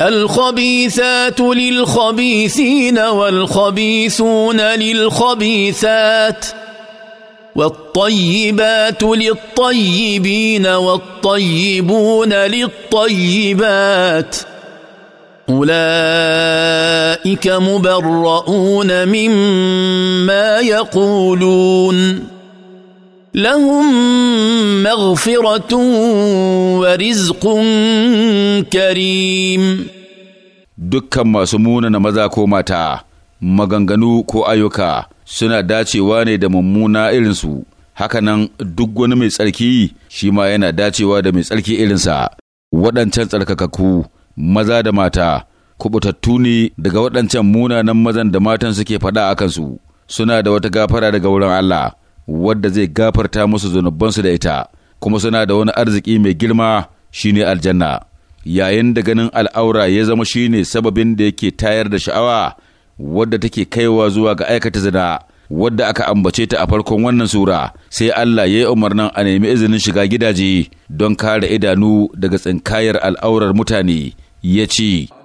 الخبيثات للخبيثين والخبيثون للخبيثات والطيبات للطيبين والطيبون للطيبات اولئك مبرؤون مما يقولون لهم مغفرة ورزق كريم dukkan masu munana maza ko mata maganganu ko ayyuka suna dacewa ne da mummuna irinsu hakanan duk wani mai tsarki shi ma yana dacewa da mai tsarki irinsa waɗancan tsarkakakku maza da mata kubutattu ne daga waɗancan munanan mazan da matan suke faɗa a kansu suna da wata gafara daga wurin Allah wadda zai gafarta musu zunubansu da ita kuma suna da wani arziki mai girma shine aljanna yayin da ganin al'aura ya zama shine sababin da yake tayar da sha'awa wadda take kaiwa zuwa ga aikata zina wadda aka ambace ta a farkon wannan sura sai Allah ya yi umarnin a nemi izinin shiga gidaje don kare idanu daga tsinkayar al'aurar mutane ya ce